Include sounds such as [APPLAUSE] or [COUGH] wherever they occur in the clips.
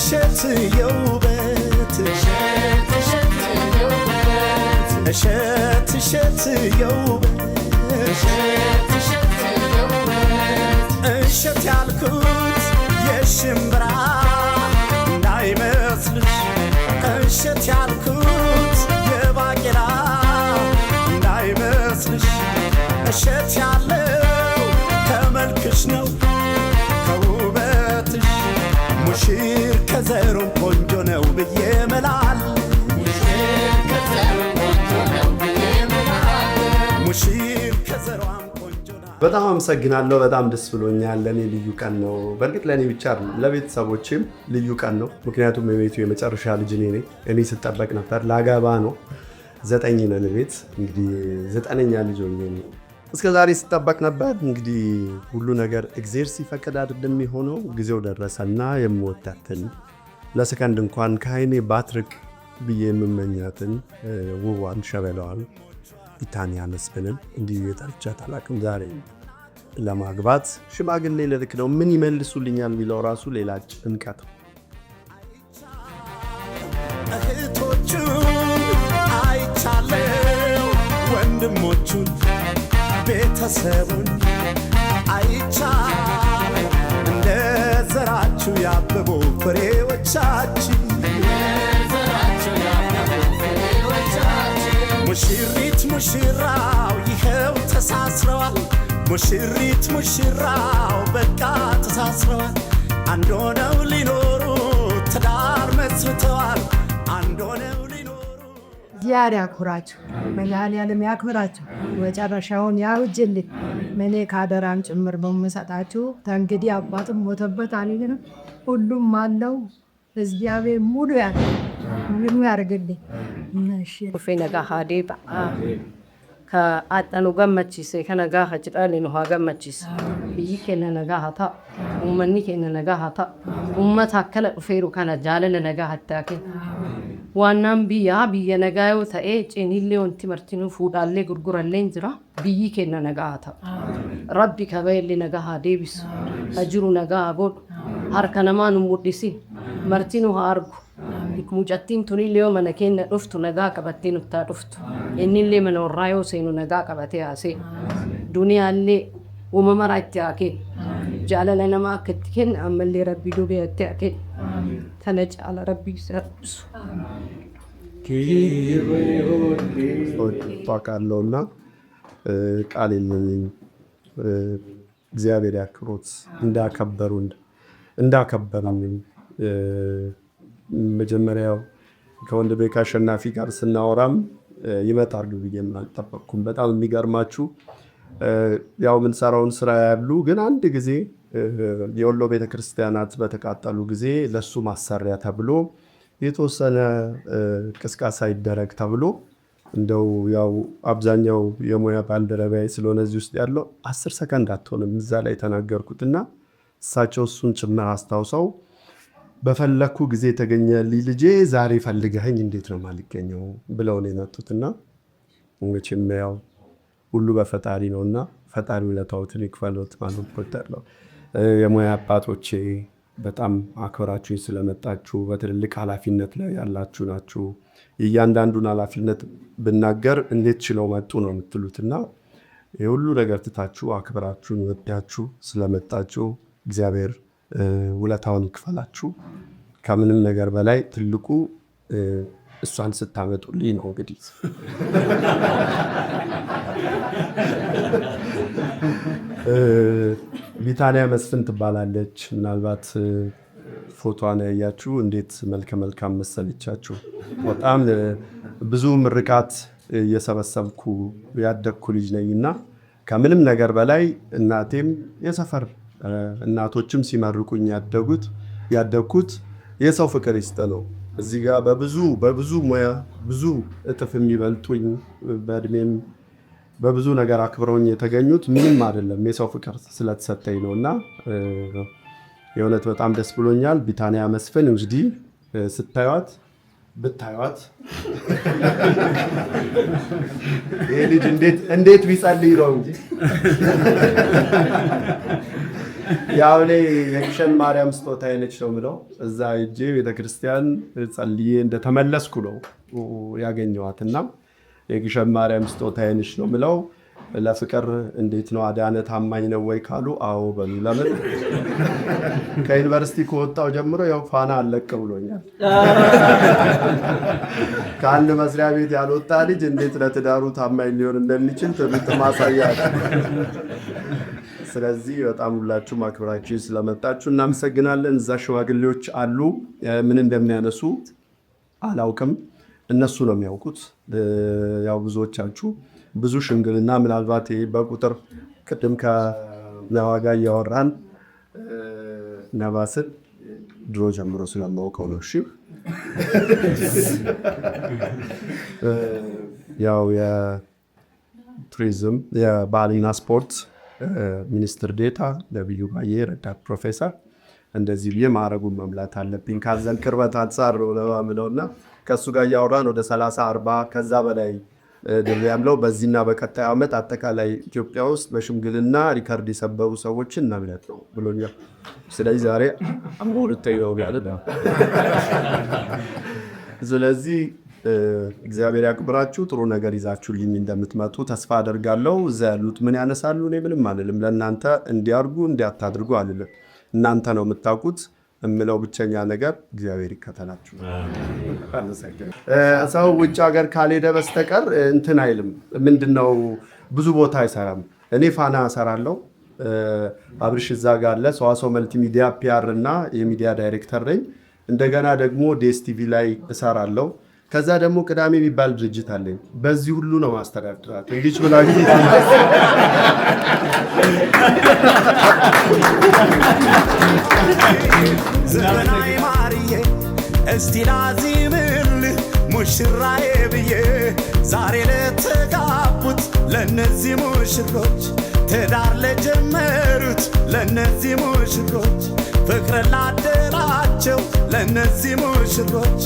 እሸት የውበት እሸት እሸት የውበት እሸት ያልኩት የሽምብራ እንዳይመስልሽ እሸት ያልኩት የባቄላ እንዳይመስልሽ እሸት ሙሽር ከዘሩም ቆንጆ ነው ብዬ መላል በጣም አመሰግናለሁ። በጣም ደስ ብሎኛል። ለእኔ ልዩ ቀን ነው። በእርግጥ ለእኔ ብቻ ለቤተሰቦችም ልዩ ቀን ነው። ምክንያቱም የቤቱ የመጨረሻ ልጅ እኔ ነኝ። እኔ ስጠበቅ ነበር። ላገባ ነው። ዘጠኝ ነን ቤት እንግዲህ ዘጠነኛ ልጅ እስከ ዛሬ ሲጠበቅ ነበር። እንግዲህ ሁሉ ነገር እግዜር ሲፈቅድ አይደለም የሆነው። ጊዜው ደረሰና የምወዳትን ለሰከንድ እንኳን ከአይኔ ባትርቅ ብዬ የምመኛትን ውቧን ሸበለዋል ቢታንያ መስፍንን እንዲሁ የጠርቻት አላቅም። ዛሬ ለማግባት ሽማግሌ ልልክ ነው። ምን ይመልሱልኛል የሚለው ራሱ ሌላ ጭንቀት ነው። አይቻለው ወንድሞቹን ቤተሰቡን አይቻለ እንደ ዘራችሁ ያበቡ ፍሬዎቻችን ሙሽሪት ሙሽራው ይኸው ተሳስረዋል። ሙሽሪት ሙሽራው በቃ ተሳስረዋል። አንድ ሆነው ሊኖሩ ትዳር መስርተዋል። አንድ ሆነው እግዚአብሔር ያኩራቸው፣ መድኃኔዓለም ያክብራቸው፣ መጨረሻውን ያውጅልኝ። እኔ ከአደራም ጭምር በምሰጣችሁ ከእንግዲህ አባትም ሞተበት አልልም፣ ሁሉም አለው። እግዚአብሔር ሙሉ ያ ሙሉ ያርግልኝ። ፌ ነጋ ሀዴ ከአጠኑ ገመችስ ከነጋ ከጭዳሌ ንሃ ገመችስ ብይ ኬነ ነጋ ሀታ ኡመኒ ኬነ ነጋ ሀታ ኡመት አከለ ፌሩ ከነ ጃለለ ነጋ ሀታኬ waannaan biyyaa biyya nagaa yoo ta'e eh, ciniillee wanti martinuu fuudhaallee gurgurallee jira biyyi kenna nagaa haa ah. ta'u rabbi kabajallee nagaa haa deebisu ah. haa jiru nagaa haa godhu ah. harka namaa nu mul'isin martinuu haa argu mucattiin tunillee yoo mana keenya dhuftu nagaa qabattee nuttaa dhuftu innillee mana warraa yoo seenu nagaa qabatee haasee duniyaallee uumama raa itti haa kennu jaalala namaa akka itti kenna ammallee rabbii duubee itti haa ተነጫለ ረቢ ይሰርሱ ቷቃለውና ቃል የለኝ። እግዚአብሔር ያክብሮት እንዳከበሩ እንዳከበሩኝ መጀመሪያው ቤክ አሸናፊ ጋር ስናወራም ይመጣሉ ብዬ አልጠበቅኩም። በጣም የሚገርማችሁ ያው የምንሰራውን ስራ ያሉ ግን አንድ ጊዜ የወሎ ቤተክርስቲያናት በተቃጠሉ ጊዜ ለሱ ማሰሪያ ተብሎ የተወሰነ ቅስቃሳ ይደረግ ተብሎ እንደው ያው አብዛኛው የሙያ ባልደረባዬ ስለሆነ እዚህ ውስጥ ያለው አስር ሰከንድ አትሆንም እዛ ላይ የተናገርኩትና እሳቸው እሱን ጭምር አስታውሰው በፈለግኩ ጊዜ የተገኘልኝ ልጄ ዛሬ ፈልገኸኝ እንዴት ነው የማልገኘው ብለው ነው የመጡትና መቼም ያው ሁሉ በፈጣሪ ነውና ፈጣሪ ለታውትን ይክፈሎት ማለት ነው። የሙያ አባቶቼ በጣም አክብራችሁኝ ስለመጣችሁ በትልልቅ ኃላፊነት ላይ ያላችሁ ናችሁ። የእያንዳንዱን ኃላፊነት ብናገር እንዴት ችለው መጡ ነው የምትሉትና የሁሉ ነገር ትታችሁ አክብራችሁን ወዳችሁ ስለመጣችሁ እግዚአብሔር ውለታውን ይክፈላችሁ። ከምንም ነገር በላይ ትልቁ እሷን ስታመጡልኝ ነው እንግዲህ ቪታሊያ መስፍን ትባላለች። ምናልባት ፎቶዋን ያያችሁ እንዴት መልከ መልካም መሰለቻችሁ። በጣም ብዙ ምርቃት እየሰበሰብኩ ያደግኩ ልጅ ነኝ እና ከምንም ነገር በላይ እናቴም የሰፈር እናቶችም ሲመርቁኝ ያደጉት ያደግኩት የሰው ፍቅር ይስጥ ነው። እዚህ ጋር በብዙ በብዙ ሙያ ብዙ እጥፍ የሚበልጡኝ በእድሜም በብዙ ነገር አክብረውኝ የተገኙት ምንም አይደለም የሰው ፍቅር ስለተሰጠኝ ነው እና የእውነት በጣም ደስ ብሎኛል። ቢታንያ መስፍን እንግዲህ ስታዩት ብታዩት [LAUGHS] ይህ ልጅ እንዴት ቢጸልይ ነው [LAUGHS] ያው እኔ የግሸን ማርያም ስጦታ አይነች ነው ምለው እዛ እጄ ቤተክርስቲያን ጸልዬ እንደተመለስኩ ነው ያገኘዋት እና የግሸን ማርያም ስጦታ ነው ምለው ለፍቅር እንዴት ነው አዳነ ታማኝ ነው ወይ ካሉ፣ አዎ በሉ። ለምን ከዩኒቨርሲቲ ከወጣው ጀምሮ ያው ፋና አለቅ ብሎኛል። ከአንድ መስሪያ ቤት ያልወጣ ልጅ እንዴት ለትዳሩ ታማኝ ሊሆን እንደሚችል ትምህርት ማሳያ። ስለዚህ በጣም ሁላችሁ አክብራችሁ ስለመጣችሁ እናመሰግናለን። እዛ ሽማግሌዎች አሉ፣ ምን እንደሚያነሱ አላውቅም። እነሱ ነው የሚያውቁት። ያው ብዙዎቻችሁ ብዙ ሽምግልና ምናልባት በቁጥር ቅድም ከነዋጋ እያወራን ነባስን ድሮ ጀምሮ ስለማውቀው ነው። እሺ ያው የቱሪዝም የባህልና ስፖርት ሚኒስትር ዴታ ነቢዩ ባዬ ረዳት ፕሮፌሰር እንደዚህ ብዬ ማዕረጉን መምላት አለብኝ። ካዘን ቅርበት አንጻር ነው ለማምነውና ከእሱ ጋር እያወራን ወደ 30 40 ከዛ በላይ ድር ያምለው በዚህና በቀጣይ ዓመት አጠቃላይ ኢትዮጵያ ውስጥ በሽምግልና ሪከርድ የሰበሩ ሰዎችን መምለጥ ነው ብሎኛል። ስለዚህ ዛሬ አምሮ ስለዚህ እግዚአብሔር ያክብራችሁ። ጥሩ ነገር ይዛችሁልኝ እንደምትመጡ ተስፋ አደርጋለሁ። እዛ ያሉት ምን ያነሳሉ? እኔ ምንም አልልም። ለእናንተ እንዲያርጉ እንዲያታድርጉ አልልም። እናንተ ነው የምታውቁት። የምለው ብቸኛ ነገር እግዚአብሔር ይከተላችሁ። ሰው ውጭ ሀገር ካልሄደ በስተቀር እንትን አይልም። ምንድነው ብዙ ቦታ አይሰራም። እኔ ፋና እሰራለሁ፣ አብርሽ እዛ ጋር አለ። መልቲሚዲያ ፒአር እና የሚዲያ ዳይሬክተር ነኝ። እንደገና ደግሞ ዴስቲቪ ላይ እሰራለሁ። ከዛ ደግሞ ቅዳሜ የሚባል ድርጅት አለኝ። በዚህ ሁሉ ነው ማስተዳድራት እንዲች ብላችሁ ዘመናዊ ማርዬ እስቲ ላዚምል ሙሽራዬ ብዬ ዛሬ ለተጋቡት ለእነዚህ ሙሽሮች ትዳር ለጀመሩት ለነዚህ ሙሽሮች ፍቅር ላደላቸው ለነዚህ ሙሽሮች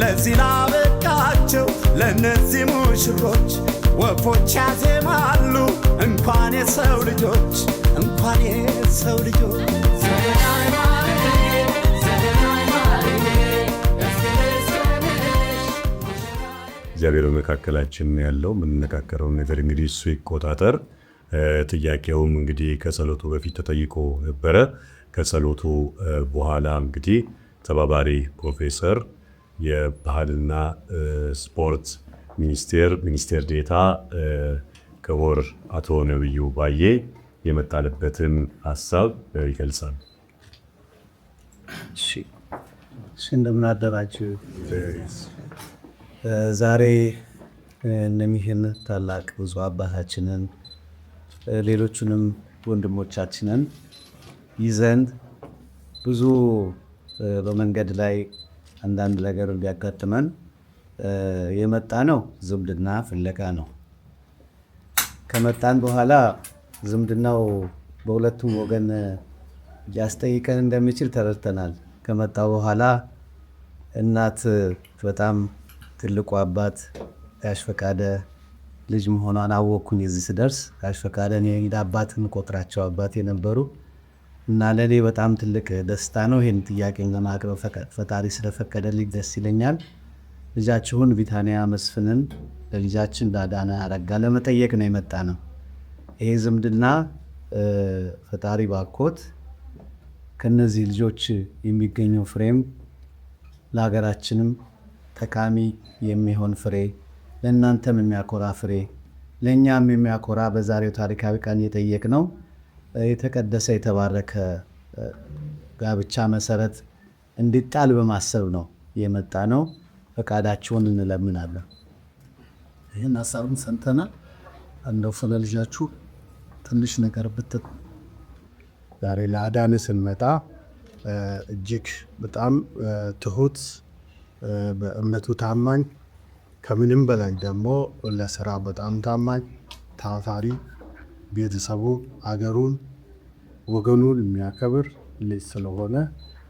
ለዚህ ላበቃቸው ለነዚህ ሙሽሮች ወፎች ያዜማሉ እንኳን የሰው ልጆች እንኳን የሰው ልጆች እግዚአብሔር በመካከላችን ያለው የምንነካከረውን ነገር እንግዲህ እሱ ይቆጣጠር። ጥያቄውም እንግዲህ ከጸሎቱ በፊት ተጠይቆ ነበረ። ከጸሎቱ በኋላ እንግዲህ ተባባሪ ፕሮፌሰር የባህልና ስፖርት ሚኒስቴር ሚኒስቴር ዴታ ክቡር አቶ ነብዩ ባዬ የመጣለበትን ሀሳብ ይገልጻል። እንደምን አደራችሁ። ዛሬ እነሚህን ታላቅ ብዙ አባታችንን ሌሎቹንም ወንድሞቻችንን ይዘን ብዙ በመንገድ ላይ አንዳንድ ነገር ሊያጋጥመን የመጣ ነው። ዝምድና ፍለጋ ነው። ከመጣን በኋላ ዝምድናው በሁለቱም ወገን ሊያስጠይቀን እንደሚችል ተረድተናል። ከመጣ በኋላ እናት በጣም ትልቁ አባት ያሽፈቃደ። ልጅ መሆኗን አወቅኩኝ። እዚህ ስደርስ ጋሽ ፈቃደ አባትን ቆጥራቸው አባት የነበሩ እና ለእኔ በጣም ትልቅ ደስታ ነው። ይህን ጥያቄ ለማቅረብ ፈጣሪ ስለፈቀደልኝ ደስ ይለኛል። ልጃችሁን ቢታንያ መስፍንን ለልጃችን ዳዳነ አረጋ ለመጠየቅ ነው የመጣ ነው። ይሄ ዝምድና ፈጣሪ ባኮት ከነዚህ ልጆች የሚገኘው ፍሬም ለሀገራችንም ጠቃሚ የሚሆን ፍሬ ለእናንተም የሚያኮራ ፍሬ ለእኛም የሚያኮራ በዛሬው ታሪካዊ ቀን እየጠየቅ ነው። የተቀደሰ የተባረከ ጋብቻ መሰረት እንዲጣል በማሰብ ነው የመጣ ነው። ፈቃዳችሁን እንለምናለን። ይህን ሀሳብን ሰምተናል። እንደው ስለ ልጃችሁ ትንሽ ነገር ብትት ዛሬ ለአዳን ስንመጣ እጅግ በጣም ትሁት፣ በእምነቱ ታማኝ ከምንም በላይ ደግሞ ለስራ በጣም ታማኝ፣ ታታሪ፣ ቤተሰቡን፣ አገሩን፣ ወገኑን የሚያከብር ልጅ ስለሆነ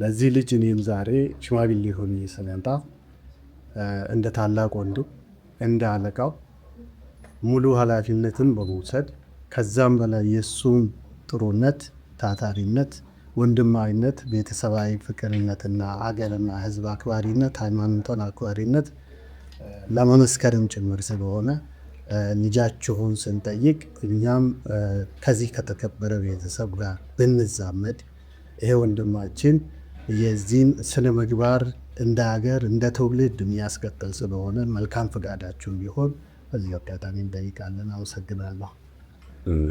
ለዚህ ልጅ እኔም ዛሬ ሽማግሌ ሆኜ ስመጣ እንደ ታላቅ ወንዱ እንደ አለቃው ሙሉ ኃላፊነትን በመውሰድ ከዛም በላይ የእሱም ጥሩነት፣ ታታሪነት፣ ወንድማዊነት፣ ቤተሰባዊ ፍቅርነትና አገርና ሕዝብ አክባሪነት፣ ሃይማኖትን አክባሪነት ለመመስከርም ጭምር ስለሆነ ልጃችሁን ስንጠይቅ እኛም ከዚህ ከተከበረ ቤተሰብ ጋር ብንዛመድ ይሄ ወንድማችን የዚህን ስነ ምግባር እንደ ሀገር እንደ ትውልድ የሚያስቀጥል ስለሆነ መልካም ፈቃዳችሁ ቢሆን በዚህ አጋጣሚ እንጠይቃለን። አመሰግናለሁ።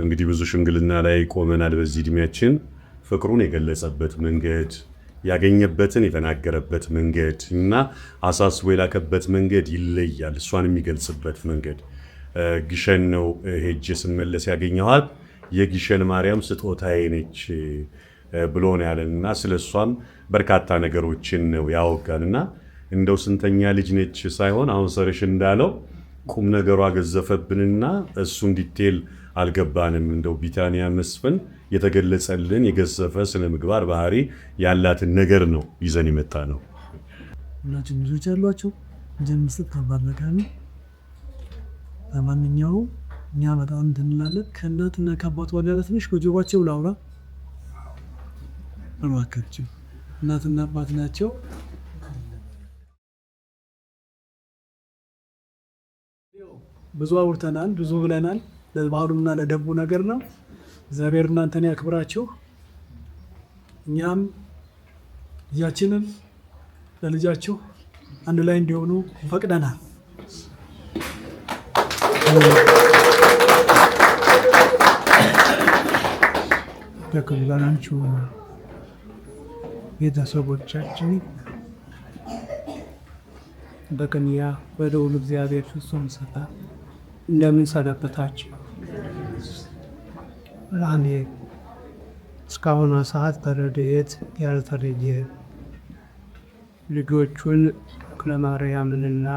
እንግዲህ ብዙ ሽምግልና ላይ ቆመናል። በዚህ እድሜያችን ፍቅሩን የገለጸበት መንገድ ያገኘበትን የተናገረበት መንገድ እና አሳስቦ የላከበት መንገድ ይለያል። እሷን የሚገልጽበት መንገድ ግሸን ነው ሄጄ ስመለስ ያገኘኋት የግሸን ማርያም ስጦታዬ ነች ብሎ ነው ያለን እና ስለ እሷም በርካታ ነገሮችን ነው ያወጋን እና እንደው ስንተኛ ልጅ ነች ሳይሆን አሁን ሰርሽ እንዳለው ቁም ነገሯ ገዘፈብንና እሱን ዲቴል አልገባንም። እንደው ቢታንያ መስፍን የተገለጸልን የገዘፈ ስነ ምግባር ባህሪ ያላትን ነገር ነው ይዘን የመጣ ነው። ሁላችሁም ልጆች ያሏቸው ጀምስት ከባድ ነገር ነው። ለማንኛውም እኛ በጣም ትንላለን። ከእናትና ከአባቷ ጋር ትንሽ ከጆባቸው ላውራ እባካችሁ። እናትና አባት ናቸው። ብዙ አውርተናል፣ ብዙ ብለናል። ለባህሉና ለደቡ ነገር ነው። እግዚአብሔር እናንተን ያክብራችሁ። እኛም ልጃችንን ለልጃችሁ አንድ ላይ እንዲሆኑ ፈቅደናል። ለክብላናችሁ ቤተሰቦቻችን በቅንያ ወደ እግዚአብሔር ፍጹም ሰታ እንደምን ሰነበታችሁ? እኔ እስካሁኗ ሰዓት ከረድኤት ያልተለየ ልጆቹን ለማርያምንና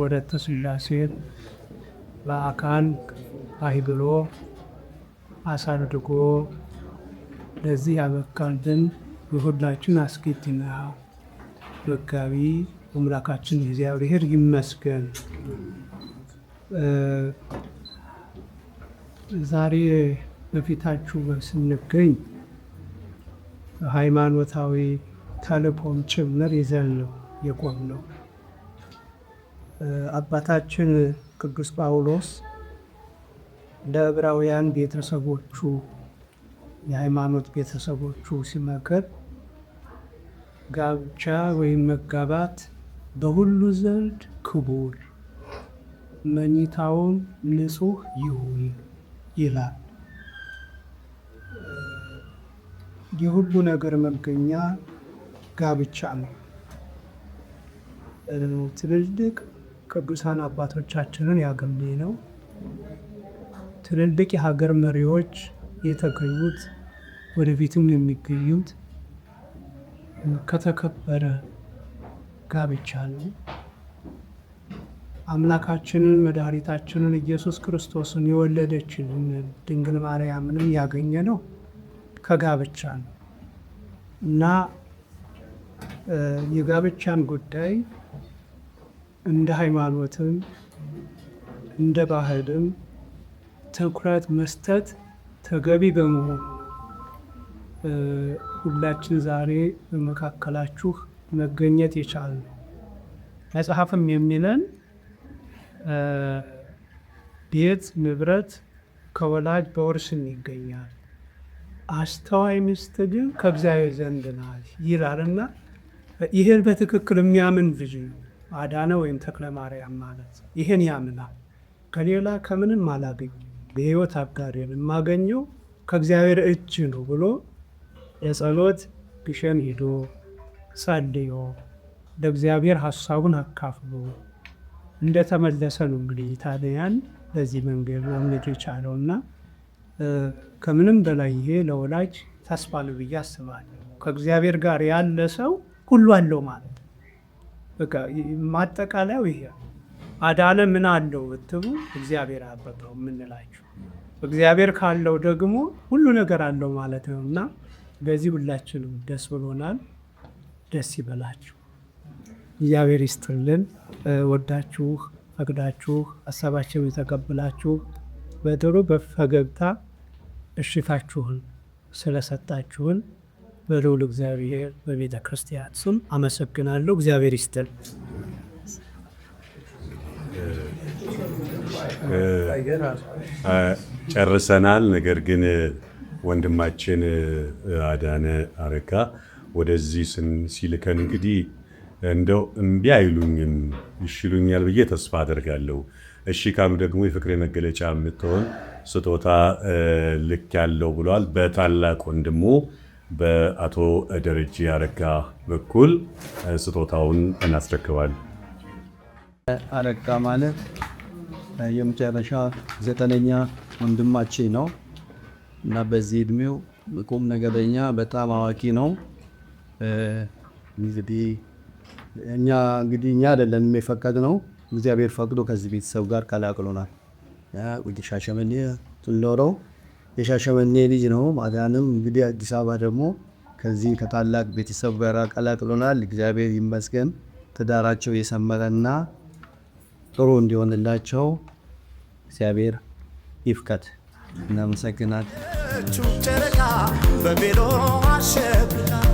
ወለተ ሥላሴን በአካል ብሎ አሳድጎ ለዚህ ያበቃልን የሁላችን አስጌቲና መጋቢ አምላካችን እግዚአብሔር ይመስገን። ዛሬ በፊታችሁ ስንገኝ ሃይማኖታዊ ተልእኮም ጭምር ይዘን ነው ነው። አባታችን ቅዱስ ጳውሎስ ለዕብራውያን ቤተሰቦቹ የሃይማኖት ቤተሰቦቹ ሲመክር ጋብቻ ወይም መጋባት በሁሉ ዘንድ ክቡር፣ መኝታውም ንጹህ ይሁን ይላል። የሁሉ ነገር መገኛ ጋብቻ ነው። ትልልቅ ቅዱሳን አባቶቻችንን ያገኘ ነው። ትልልቅ የሀገር መሪዎች የተገኙት ወደፊትም የሚገኙት ከተከበረ ጋብቻ ነው። አምላካችንን መድኃኒታችንን ኢየሱስ ክርስቶስን የወለደችን ድንግል ማርያምንም ያገኘ ነው ከጋብቻ ነው እና የጋብቻን ጉዳይ እንደ ሃይማኖትም እንደ ባህልም ትኩረት መስጠት ተገቢ በመሆኑ ሁላችን ዛሬ በመካከላችሁ መገኘት የቻልነው መጽሐፍም የሚለን ቤት ንብረት ከወላጅ በውርስን ይገኛል። አስተዋይ ሚስት ግን ከእግዚአብሔር ዘንድ ናት ይላልና ይህን በትክክል የሚያምን ልጅ አዳነ ወይም ተክለ ማርያም ማለት ይህን ያምናል። ከሌላ ከምንም አላገኝ በህይወት አጋር የማገኘው ከእግዚአብሔር እጅ ነው ብሎ የጸሎት ግሸን ሄዶ ጸልዮ ለእግዚአብሔር ሀሳቡን አካፍሎ እንደተመለሰ ነው እንግዲህ ኢታሊያን በዚህ መንገድ መምለጥ የቻለው እና ከምንም በላይ ይሄ ለወላጅ ተስፋ ነው ብዬ አስባለሁ። ከእግዚአብሔር ጋር ያለ ሰው ሁሉ አለው ማለት በቃ ማጠቃለያው ይሄ አዳነ ምን አለው ብትሉ እግዚአብሔር አበበው የምንላችሁ እግዚአብሔር ካለው ደግሞ ሁሉ ነገር አለው ማለት ነው እና በዚህ ሁላችንም ደስ ብሎናል። ደስ ይበላችሁ። እግዚአብሔር ይስጥልን። ወዳችሁ ፈቅዳችሁ ሀሳባችሁ የተቀብላችሁ በጥሩ በፈገግታ እሽፋችሁን ስለሰጣችሁን በልዑል እግዚአብሔር በቤተ ክርስቲያን ስም አመሰግናለሁ። እግዚአብሔር ይስጥል። ጨርሰናል። ነገር ግን ወንድማችን አዳነ አረጋ ወደዚህ ሲልከን እንግዲህ እንደው እምቢ አይሉኝም ይሽሉኛል ብዬ ተስፋ አደርጋለሁ። እሺ ካሉ ደግሞ የፍቅሬ መገለጫ የምትሆን ስጦታ ልክ ያለው ብሏል። በታላቅ ወንድሙ በአቶ ደረጀ አረጋ በኩል ስጦታውን እናስረክባል። አረጋ ማለት የመጨረሻ ዘጠነኛ ወንድማችን ነው እና በዚህ እድሜው ቁም ነገረኛ በጣም አዋቂ ነው እንግዲህ እኛ እንግዲህ እኛ አይደለንም የፈቀድነው፣ እግዚአብሔር ፈቅዶ ከዚህ ቤተሰብ ጋር ቀላቅሎናል። ሻሸመኔ ትኖረው የሻሸመኔ ልጅ ነው። ማዳንም እንግዲህ አዲስ አበባ ደግሞ ከዚህ ከታላቅ ቤተሰብ ጋር ቀላቅሎናል። እግዚአብሔር ይመስገን። ትዳራቸው የሰመረና ጥሩ እንዲሆንላቸው እግዚአብሔር ይፍቀድ። እናመሰግናል። ጨረቃ በቤሎ አሸብላ